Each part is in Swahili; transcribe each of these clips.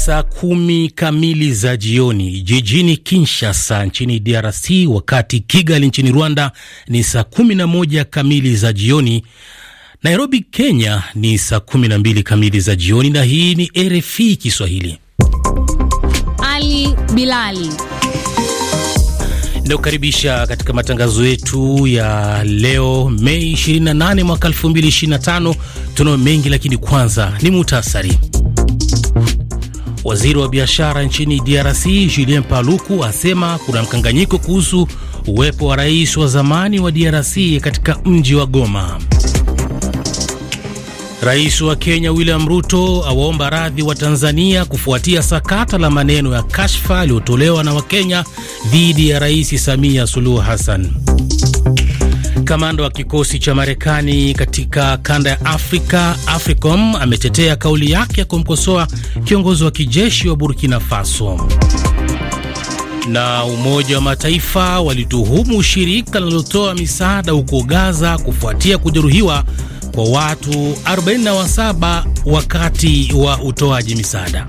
saa kumi kamili za jioni jijini Kinshasa nchini DRC, wakati Kigali nchini Rwanda ni saa kumi na moja kamili za jioni. Nairobi Kenya ni saa kumi na mbili kamili za jioni, na hii ni RFI Kiswahili. Ali Bilali inayokaribisha katika matangazo yetu ya leo Mei 28 mwaka 2025. Tunayo mengi, lakini kwanza ni muhtasari Waziri wa biashara nchini DRC Julien Paluku asema kuna mkanganyiko kuhusu uwepo wa rais wa zamani wa DRC katika mji wa Goma. Rais wa Kenya William Ruto awaomba radhi wa Tanzania kufuatia sakata la maneno ya kashfa aliyotolewa na Wakenya dhidi ya Rais Samia Suluhu Hassan kamanda wa kikosi cha Marekani katika kanda ya Afrika, AFRICOM, ametetea kauli yake ya kumkosoa kiongozi wa kijeshi wa Burkina Faso. Na Umoja wa Mataifa walituhumu shirika linalotoa misaada huko Gaza kufuatia kujeruhiwa kwa watu 47 wakati wa utoaji misaada.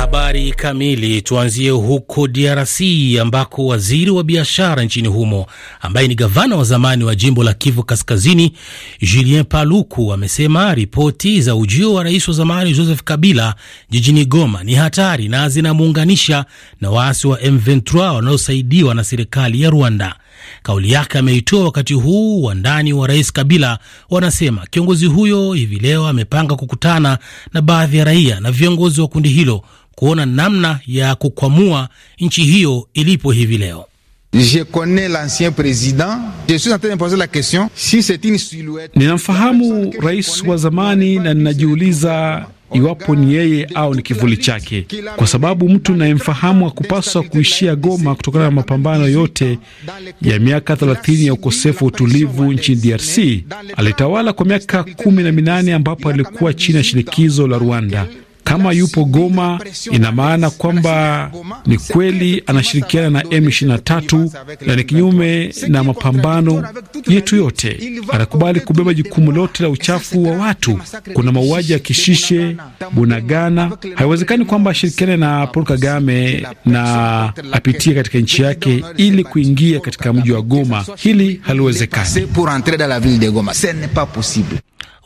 Habari kamili. Tuanzie huko DRC ambako waziri wa biashara nchini humo ambaye ni gavana wa zamani wa jimbo la Kivu Kaskazini, Julien Paluku, amesema ripoti za ujio wa rais wa zamani Joseph Kabila jijini Goma ni hatari na zinamuunganisha na waasi wa M23 wanaosaidiwa na serikali ya Rwanda. Kauli yake ameitoa wakati huu wa ndani wa rais Kabila wanasema kiongozi huyo hivi leo amepanga kukutana na baadhi ya raia na viongozi wa kundi hilo kuona namna ya kukwamua nchi hiyo ilipo hivi leo. Ninamfahamu rais wa zamani na ninajiuliza iwapo ni yeye au ni kivuli chake, kwa sababu mtu nayemfahamu hakupaswa kuishia Goma kutokana na mapambano yote ya miaka 30 ya ukosefu wa utulivu nchini DRC. Alitawala kwa miaka kumi na minane ambapo alikuwa chini ya shinikizo la Rwanda. Kama yupo Goma, ina maana kwamba ni kweli anashirikiana na M23 na ni kinyume na mapambano yetu yote. Anakubali kubeba jukumu lote la uchafu wa watu. Kuna mauaji ya Kishishe, Bunagana. Haiwezekani kwamba ashirikiane na Paul Kagame na apitie katika nchi yake ili kuingia katika mji wa Goma. Hili haliwezekani.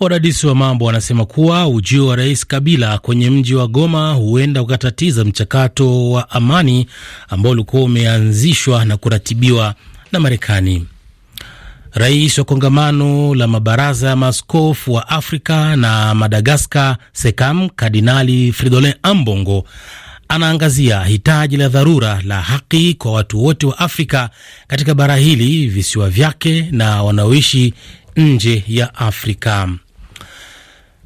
Wadadisi wa mambo wanasema kuwa ujio wa Rais Kabila kwenye mji wa Goma huenda ukatatiza mchakato wa amani ambao ulikuwa umeanzishwa na kuratibiwa na Marekani. Rais wa kongamano la mabaraza ya maaskofu wa Afrika na Madagaskar, SECAM, Kardinali Fridolin Ambongo anaangazia hitaji la dharura la haki kwa watu wote wa Afrika katika bara hili, visiwa vyake na wanaoishi nje ya Afrika.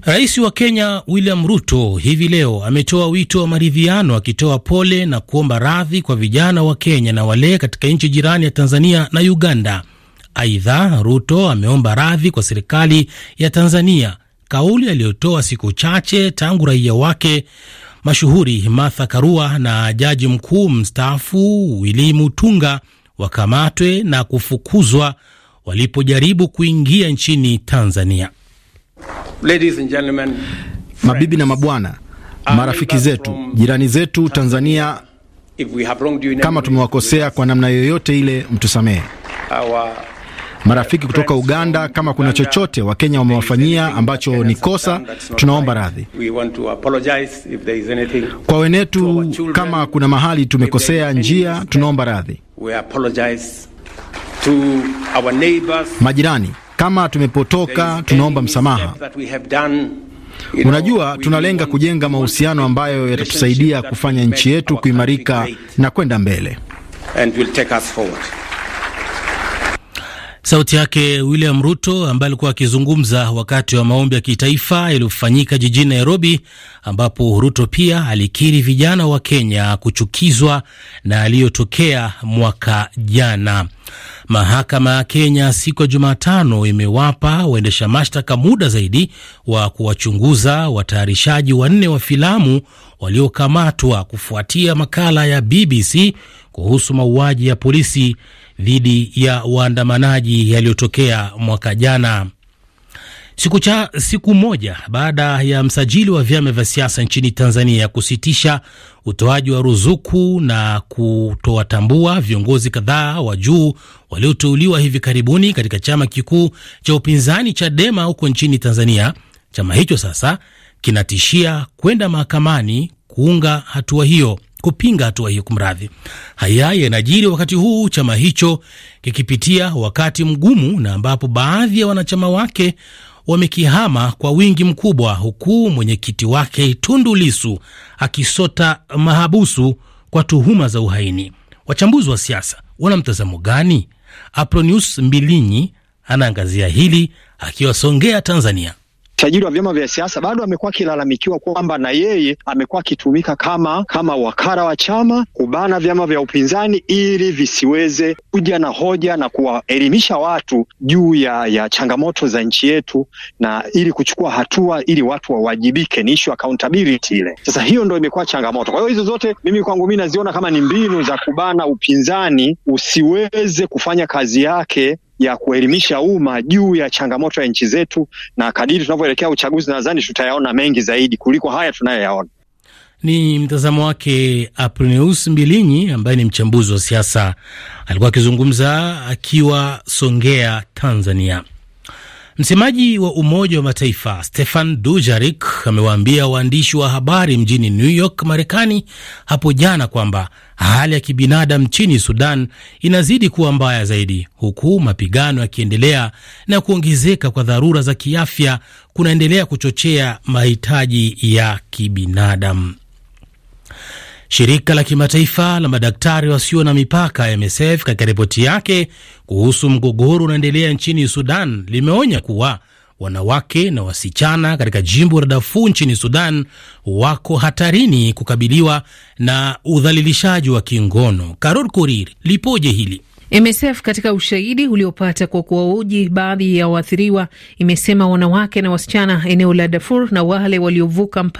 Rais wa Kenya William Ruto hivi leo ametoa wito wa maridhiano akitoa pole na kuomba radhi kwa vijana wa Kenya na wale katika nchi jirani ya Tanzania na Uganda. Aidha, Ruto ameomba radhi kwa serikali ya Tanzania, kauli aliyotoa siku chache tangu raia wake mashuhuri Martha Karua na jaji mkuu mstaafu Willy Mutunga wakamatwe na kufukuzwa walipojaribu kuingia nchini Tanzania. Ladies and gentlemen, mabibi na mabwana, marafiki zetu, jirani zetu Tanzania, kama tumewakosea kwa namna yoyote ile, mtusamehe. Marafiki kutoka Uganda, kama kuna chochote Wakenya wamewafanyia ambacho ni kosa, tunaomba radhi. Kwa wenetu, kama kuna mahali tumekosea njia, tunaomba radhi. Majirani kama tumepotoka, tunaomba msamaha. Unajua, tunalenga kujenga mahusiano ambayo yatatusaidia kufanya nchi yetu kuimarika na kwenda mbele. Sauti yake William Ruto ambaye alikuwa akizungumza wakati wa maombi ya kitaifa yaliyofanyika jijini Nairobi, ambapo Ruto pia alikiri vijana wa Kenya kuchukizwa na aliyotokea mwaka jana. Mahakama ya Kenya siku ya Jumatano imewapa waendesha mashtaka muda zaidi wa kuwachunguza watayarishaji wanne wa filamu waliokamatwa kufuatia makala ya BBC kuhusu mauaji ya polisi dhidi ya waandamanaji yaliyotokea mwaka jana. Siku, cha, siku moja baada ya msajili wa vyama vya siasa nchini Tanzania kusitisha utoaji wa ruzuku na kutowatambua viongozi kadhaa wa juu walioteuliwa hivi karibuni katika chama kikuu cha upinzani Chadema huko nchini Tanzania, chama hicho sasa kinatishia kwenda mahakamani kuunga hatua hiyo kupinga hatua hiyo. Kumradhi, haya yanajiri wakati huu chama hicho kikipitia wakati mgumu na ambapo baadhi ya wanachama wake wamekihama kwa wingi mkubwa, huku mwenyekiti wake Tundu Lisu akisota mahabusu kwa tuhuma za uhaini. Wachambuzi wa siasa wana mtazamo gani? Apronius Mbilinyi anaangazia hili akiwa Songea, Tanzania tajiri wa vyama vya siasa bado amekuwa akilalamikiwa kwamba na yeye amekuwa akitumika kama kama wakara wa chama kubana vyama vya upinzani ili visiweze kuja na hoja na kuwaelimisha watu juu ya, ya changamoto za nchi yetu na ili kuchukua hatua ili watu wawajibike. Ni issue accountability ile. Sasa hiyo ndo imekuwa changamoto. Kwa hiyo hizo zote mimi kwangu mimi naziona kama ni mbinu za kubana upinzani usiweze kufanya kazi yake ya kuelimisha umma juu ya changamoto ya nchi zetu, na kadiri tunavyoelekea uchaguzi, nadhani tutayaona mengi zaidi kuliko haya tunayoyaona. Ni mtazamo wake Aprineus Mbilinyi, ambaye ni mchambuzi wa siasa, alikuwa akizungumza akiwa Songea, Tanzania. Msemaji wa Umoja wa Mataifa Stefan Dujarik amewaambia waandishi wa habari mjini New York, Marekani hapo jana kwamba hali ya kibinadamu nchini Sudan inazidi kuwa mbaya zaidi, huku mapigano yakiendelea na kuongezeka kwa dharura za kiafya kunaendelea kuchochea mahitaji ya kibinadamu. Shirika la kimataifa la madaktari wasio na mipaka MSF katika ripoti yake kuhusu mgogoro unaendelea nchini Sudan limeonya kuwa wanawake na wasichana katika jimbo la Darfur nchini Sudan wako hatarini kukabiliwa na udhalilishaji wa kingono. Karol Kurir, lipoje hili. MSF katika ushahidi uliopata kwa kuwahoji baadhi ya waathiriwa imesema wanawake na wasichana eneo la Darfur na wale waliovuka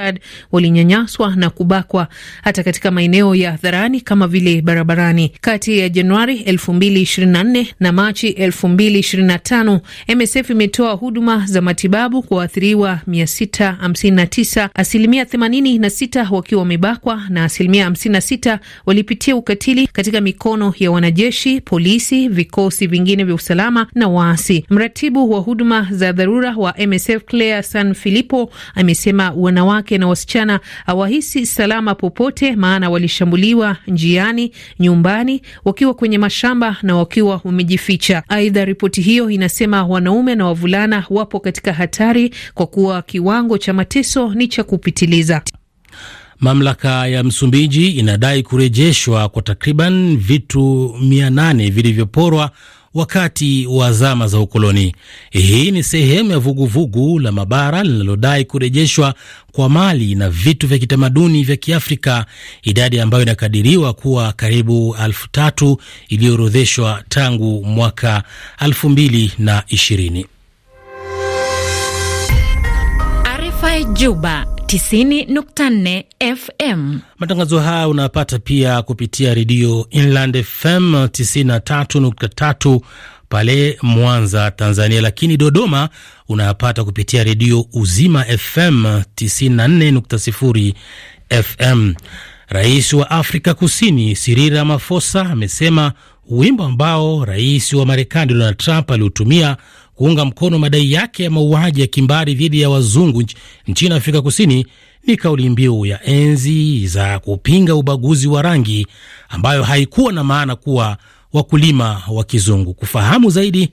Chad walinyanyaswa na kubakwa hata katika maeneo ya hadharani kama vile barabarani. Kati ya Januari 2024 na Machi 2025, MSF imetoa huduma za matibabu kwa waathiriwa 659, asilimia 86 wakiwa wamebakwa na asilimia 56 walipitia ukatili katika mikono ya wanajeshi, polisi, vikosi vingine vya usalama na waasi. Mratibu wa huduma za dharura wa MSF Claire San Filippo amesema wanawake wanawake na wasichana hawahisi salama popote, maana walishambuliwa njiani, nyumbani, wakiwa kwenye mashamba na wakiwa wamejificha. Aidha, ripoti hiyo inasema wanaume na wavulana wapo katika hatari kwa kuwa kiwango cha mateso ni cha kupitiliza. Mamlaka ya Msumbiji inadai kurejeshwa kwa takriban vitu nane vilivyoporwa wakati wa zama za ukoloni. Hii ni sehemu ya vuguvugu vugu la mabara linalodai kurejeshwa kwa mali na vitu vya kitamaduni vya Kiafrika, idadi ambayo inakadiriwa kuwa karibu elfu tatu iliyoorodheshwa tangu mwaka 2020. Juba 90.4 FM. Matangazo haya unapata pia kupitia redio Inland FM 93.3 pale Mwanza, Tanzania, lakini Dodoma unayapata kupitia redio Uzima FM 94.0 FM. Rais wa Afrika Kusini Cyril Ramaphosa amesema wimbo ambao rais wa Marekani Donald Trump aliutumia kuunga mkono madai yake ya mauaji ya kimbari dhidi ya wazungu nchini Afrika Kusini ni kauli mbiu ya enzi za kupinga ubaguzi wa rangi ambayo haikuwa na maana kuwa wakulima wa kizungu. Kufahamu zaidi,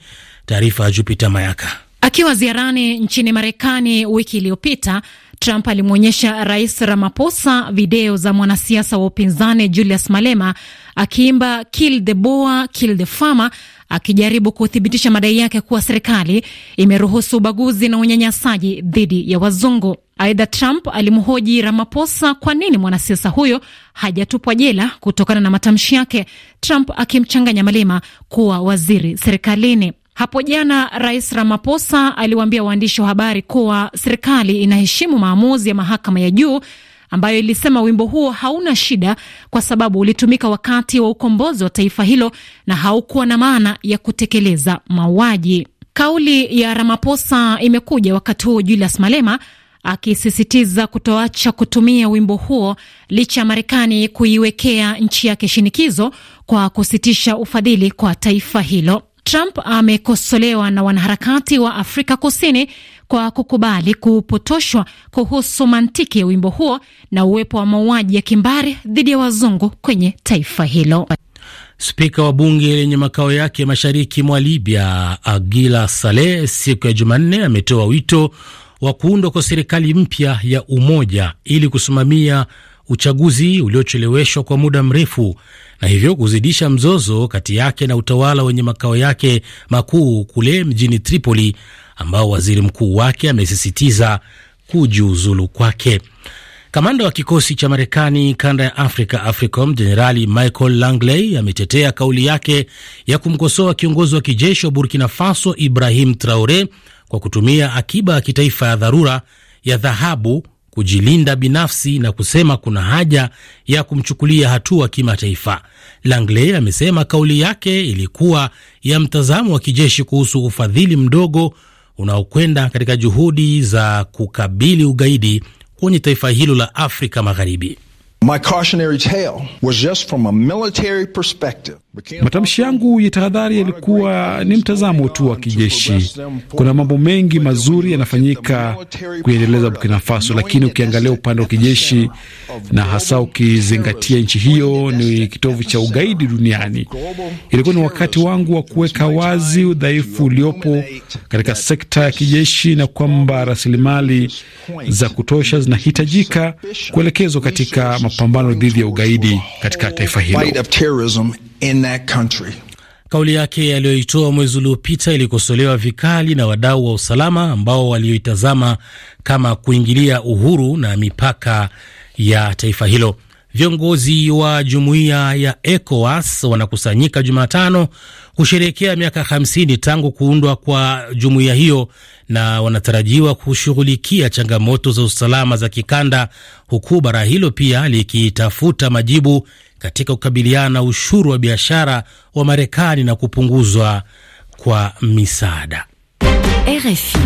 taarifa ya Jupiter Mayaka. Akiwa ziarani nchini Marekani wiki iliyopita, Trump alimwonyesha Rais Ramaphosa video za mwanasiasa wa upinzani Julius Malema akiimba kill the boer, kill the farmer akijaribu kuthibitisha madai yake kuwa serikali imeruhusu ubaguzi na unyanyasaji dhidi ya wazungu. Aidha, Trump alimhoji Ramaphosa kwa nini mwanasiasa huyo hajatupwa jela kutokana na matamshi yake, Trump akimchanganya Malema kuwa waziri serikalini. Hapo jana Rais Ramaphosa aliwaambia waandishi wa habari kuwa serikali inaheshimu maamuzi ya mahakama ya juu ambayo ilisema wimbo huo hauna shida kwa sababu ulitumika wakati wa ukombozi wa taifa hilo na haukuwa na maana ya kutekeleza mauaji. Kauli ya Ramaphosa imekuja wakati huo Julius Malema akisisitiza kutoacha kutumia wimbo huo licha ya Marekani kuiwekea nchi yake shinikizo kwa kusitisha ufadhili kwa taifa hilo. Trump amekosolewa na wanaharakati wa Afrika Kusini kwa kukubali kupotoshwa kuhusu mantiki ya wimbo huo na uwepo wa mauaji ya kimbari dhidi ya wazungu kwenye taifa hilo. Spika wa bunge lenye makao yake mashariki mwa Libya, Agila Saleh, siku ya Jumanne ametoa wito wa kuundwa kwa serikali mpya ya umoja ili kusimamia uchaguzi uliocheleweshwa kwa muda mrefu na hivyo kuzidisha mzozo kati yake na utawala wenye makao yake makuu kule mjini Tripoli, ambao waziri mkuu wake amesisitiza kujiuzulu kwake. Kamanda wa kikosi cha Marekani kanda ya Afrika, AFRICOM, Jenerali Michael Langley ametetea kauli yake ya kumkosoa kiongozi wa kijeshi wa Burkina Faso Ibrahim Traore kwa kutumia akiba ya kitaifa ya dharura ya dhahabu kujilinda binafsi na kusema kuna haja ya kumchukulia hatua kimataifa. Langley amesema kauli yake ilikuwa ya mtazamo wa kijeshi kuhusu ufadhili mdogo unaokwenda katika juhudi za kukabili ugaidi kwenye taifa hilo la Afrika Magharibi. My cautionary tale was just from a military perspective. Matamshi yangu ya tahadhari yalikuwa ni mtazamo tu wa kijeshi. Kuna mambo mengi mazuri yanafanyika kuiendeleza Burkina Faso, lakini ukiangalia upande wa kijeshi na hasa ukizingatia nchi hiyo ni kitovu cha ugaidi duniani, ilikuwa ni wakati wangu wa kuweka wazi udhaifu uliopo katika sekta ya kijeshi na kwamba rasilimali za kutosha zinahitajika kuelekezwa katika mapambano dhidi ya ugaidi katika taifa hilo. Kauli yake aliyoitoa mwezi uliopita ilikosolewa vikali na wadau wa usalama ambao walioitazama kama kuingilia uhuru na mipaka ya taifa hilo. Viongozi wa jumuiya ya ECOWAS wanakusanyika Jumatano kusherehekea miaka 50 tangu kuundwa kwa jumuiya hiyo na wanatarajiwa kushughulikia changamoto za usalama za kikanda, huku bara hilo pia likitafuta majibu katika kukabiliana na ushuru wa biashara wa Marekani na kupunguzwa kwa misaada. RFI.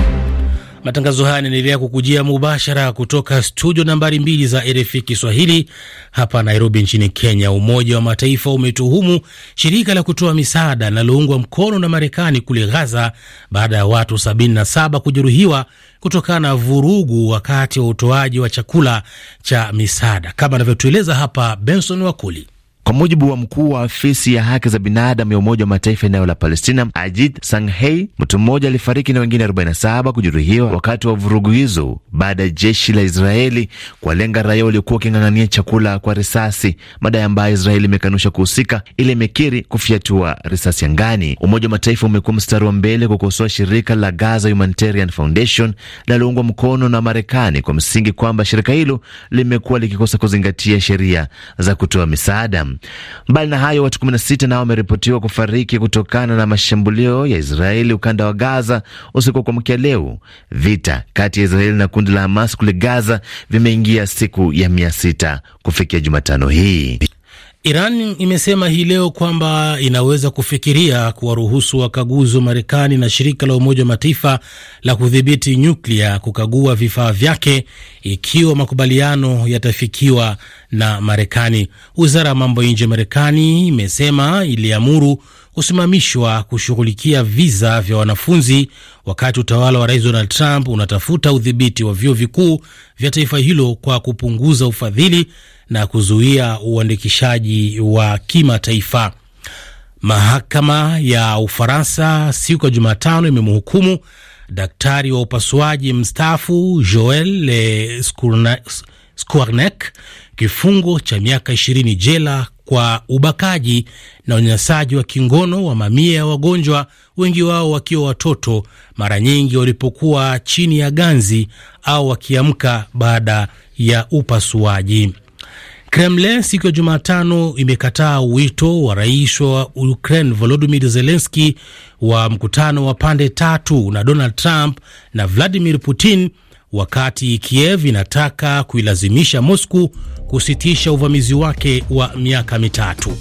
Matangazo haya yanaendelea kukujia mubashara kutoka studio nambari mbili za RFI Kiswahili hapa Nairobi nchini Kenya. Umoja wa Mataifa umetuhumu shirika la kutoa misaada linaloungwa mkono na Marekani kule Gaza baada ya watu 77 kujeruhiwa kutokana na vurugu wakati wa utoaji wa chakula cha misaada, kama anavyotueleza hapa Benson Wakuli. Kwa mujibu wa mkuu wa afisi ya haki za binadamu ya Umoja wa Mataifa eneo la Palestina, Ajid Sanghei, mtu mmoja alifariki na wengine 47 kujeruhiwa wakati wa vurugu hizo baada ya jeshi la Israeli kuwalenga raia waliokuwa waking'ang'ania chakula kwa risasi, madai ambayo Israeli imekanusha kuhusika, ili imekiri kufyatua risasi angani. Umoja wa Mataifa umekuwa mstari wa mbele kukosoa shirika la Gaza Humanitarian Foundation linaloungwa mkono na Marekani kwa msingi kwamba shirika hilo limekuwa likikosa kuzingatia sheria za kutoa misaada. Mbali na hayo, watu 16 nao wameripotiwa kufariki kutokana na mashambulio ya Israeli ukanda wa Gaza usiku wa kuamkia leo. Vita kati ya Israeli na kundi la Hamas kule Gaza vimeingia siku ya mia sita kufikia Jumatano hii. Iran imesema hii leo kwamba inaweza kufikiria kuwaruhusu wakaguzi wa Marekani na shirika la Umoja wa Mataifa la kudhibiti nyuklia kukagua vifaa vyake ikiwa makubaliano yatafikiwa na Marekani. Wizara ya mambo ya nje ya Marekani imesema iliamuru kusimamishwa kushughulikia viza vya wanafunzi wakati utawala wa rais Donald Trump unatafuta udhibiti wa vyuo vikuu vya taifa hilo kwa kupunguza ufadhili na kuzuia uandikishaji wa kimataifa. Mahakama ya Ufaransa siku ya Jumatano imemhukumu daktari wa upasuaji mstaafu Joel Le Scournek kifungo cha miaka ishirini jela kwa ubakaji na unyanyasaji wa kingono wa mamia ya wagonjwa, wengi wao wakiwa watoto, mara nyingi walipokuwa chini ya ganzi au wakiamka baada ya upasuaji. Kremlin siku ya Jumatano imekataa wito wa rais wa Ukraine Volodymyr Zelensky wa mkutano wa pande tatu na Donald Trump na Vladimir Putin wakati Kiev inataka kuilazimisha Mosku kusitisha uvamizi wake wa miaka mitatu.